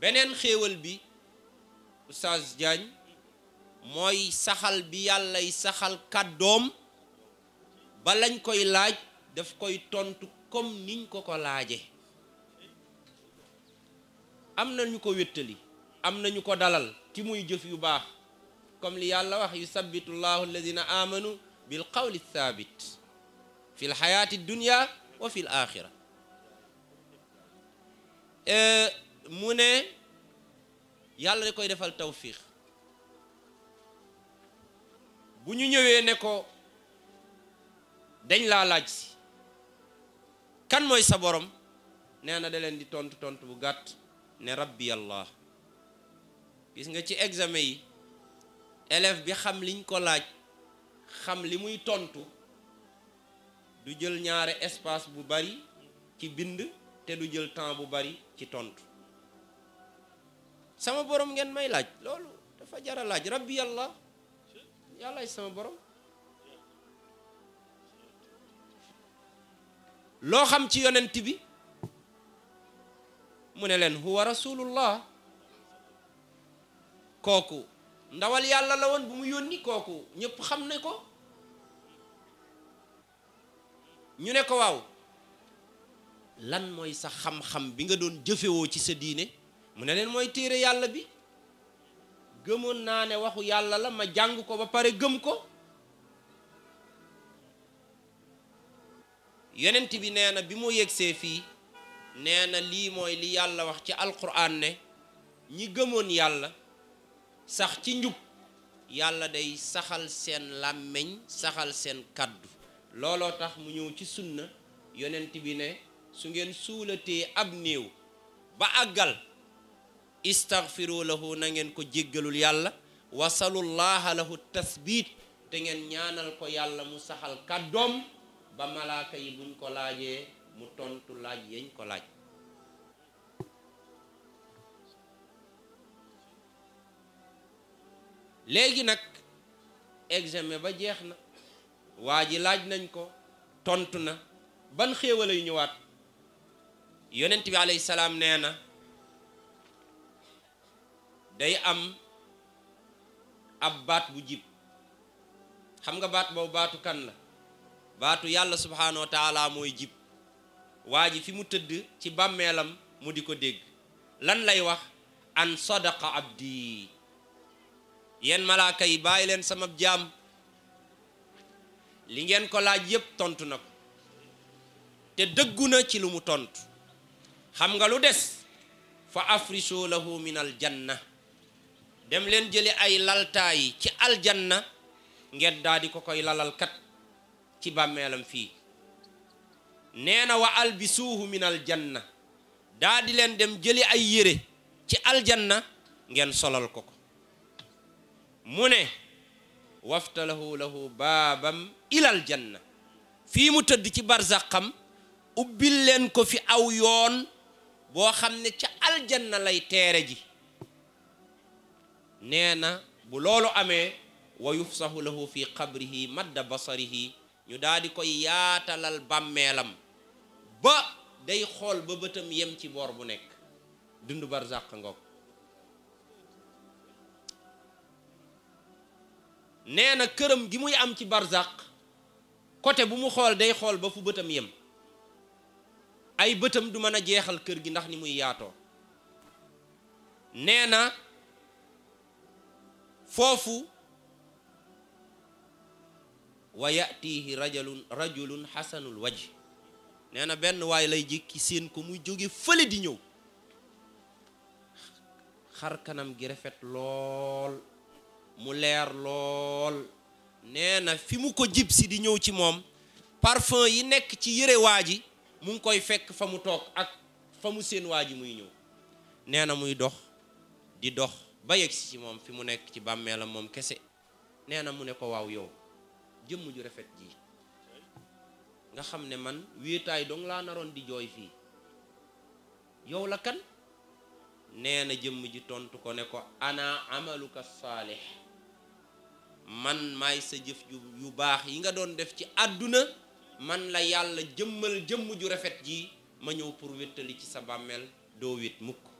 benen xéewal bi Oustaz Diagne mooy saxal bi yàllay saxal kàddoom ba lañ koy laaj daf koy tontu comme niñ ko ko laaje am ñu ko wéttali am ñu ko dalal ci muy jëf yu baax comme li yàlla wax yusabbitu llahu alladina amanu bil qawli thabit fi l xayaati dunia wa fi l axira mu ne yàlla da koy defal tawfiix bu ñu ñëwee ne ko dañ laa laaj si kan mooy sa borom nee na da leen di tontu tontu bu gàtt ne rabbi yàlla gis nga ci examen yi élève bi xam liñ ko laaj xam li muy tontu du jël ñaari espace bu bari ci bind te du jël temps bu bari ci tontu sama borom ngeen may laaj loolu dafa jara laaj rabbi yàlla yàllaay sama borom loo xam ci yonent bi mu ne leen huwa rasulullah kooku ndawal yàlla la woon bu mu yónni kooku ñépp xam ne ko ñu ne ko waaw lan mooy sa xam-xam bi nga doon jëfewoo ci sa diine mu ne leen mooy téere yàlla bi gëmoon naa ne waxu yàlla la ma jàng ko ba pare gëm ko yonent bi nee na bi mu yegsee fii nee na lii mooy li yàlla wax ci alquran ne ñi gëmoon yàlla sax ci njub yàlla day saxal seen làmmiñ saxal seen kàddu looloo tax mu ñëw ci sunna yonent bi ne su ngeen suulatee ab néew ba àggal istaghfiru lahu na ngeen ko jéggalul yàlla wasalullaha lahu tasbit te ngeen ñaanal ko yàlla mu saxal kàddoom ba malaaka yi buñ ko laajee mu tontu laaj yeñ ko laaj léegi nag examen ba jeex na waa ji laaj nañ ko tontu na ban xéewal yu ñëwaat yonent bi alayhi salaam nee na day am ab hamgabat bu jib xam nga bat bo batu kan la batu yalla subhanahu wa taala moy jib waji fi mu teud ci bàmmeelam mu diko deg lan lay wax an sadaqa abdi yen malaka yi bay len sama jam li ngeen ko laaj yeb tontu na te degguna ci lu mu tontu xam nga lu des fa afrisoo lahu min al dem leen jëli ay laltaay ci aljanna ngeen daal ko koy lalalkat ci bàmmeelam fii neena na wa albisuuhu min aljanna daa di leen dem jëli ay yére ci aljanna ngeen solal ko ko mu ne waftalahu lahu baabam ilal janna fii mu tëdd ci barzaxam ubbil leen ko fi aw yoon boo xam ne ci aljanna lay teere ji nee na bu loolu amee wa yufsahu lahu fi qabrihi madda basarihi ñu daldi koy yaatalal bàmmeelam ba day xool ba bëtam yem ci boor bu nekk dund barzaq ngoog nee na këram gi muy am ci barzaq côté bu mu xool day xool ba fu bëtam yem ay bëtam du mën a jeexal kër gi ndax ni muy yaatoo nee foofu wa yatihi rajulun rajulun xasanul waj nee na benn waay lay jékki seen ko muy jóge fële di ñëw xar kanam gi rafet lool mu leer lool nee na fi mu ko jibsi di ñëw ci moom parfum yi nekk ci yére waa ji mu ngi koy fekk fa mu toog ak fa mu seen waa ji muy ñëw nee na muy dox di dox ba yegg si moom fi mu nekk ci bàmmeelam moom kese nee na mu ne ko waaw yow jëmm ju rafet ji nga xam ne man wéetaay dong laa naroon di jooy fii yow la kan nee na jëmm ji tontu ko ne ko ana amaluka saalix man maay sa jëf yu baax yi nga doon def ci àdduna man la yàlla jëmmal jëmm ju rafet ji ma ñëw pour wéttali ci sa bàmmeel doo wét mukk